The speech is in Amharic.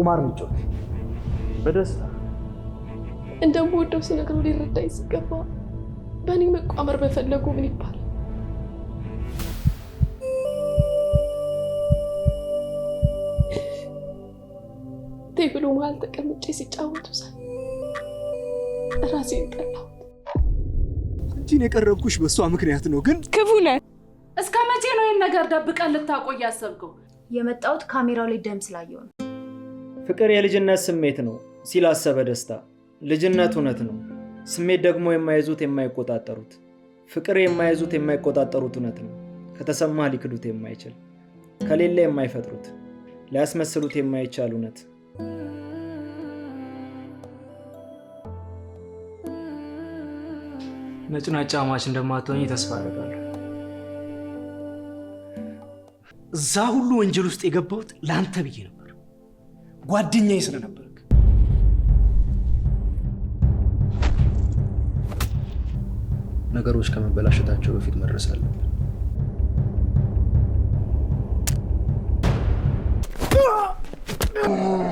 ቁማር እንጫወት በደስታ እንደምወደው ሲነግረው ሊረዳኝ ሲገባ በእኔ መቋመር በፈለጉ ምን ይባል? ቴብሉ መሀል ተቀምጬ ሲጫወቱ ሳይ ራሴን ጠላሁት። አንቺን የቀረብኩሽ በእሷ ምክንያት ነው። ግን ክፉ ነህ። እስከ መቼ ነው ይህን ነገር ደብቀን ልታቆይ ያሰብከው? የመጣሁት ካሜራው ላይ ደም ስላየው ነው። ፍቅር የልጅነት ስሜት ነው ሲል አሰበ ደስታ። ልጅነት እውነት ነው፣ ስሜት ደግሞ የማይዙት የማይቆጣጠሩት ፍቅር የማይዙት የማይቆጣጠሩት እውነት ነው። ከተሰማህ ሊክዱት የማይችል ከሌለ የማይፈጥሩት ሊያስመስሉት የማይቻል እውነት። ነጭናጫ ማች እንደማትሆኝ ተስፋ አደርጋለሁ። እዛ ሁሉ ወንጀል ውስጥ የገባሁት ለአንተ ብዬ ነው። ጓደኛዬ ስለነበረ ነገሮች ከመበላሸታቸው በፊት መድረስ አለብን። Oh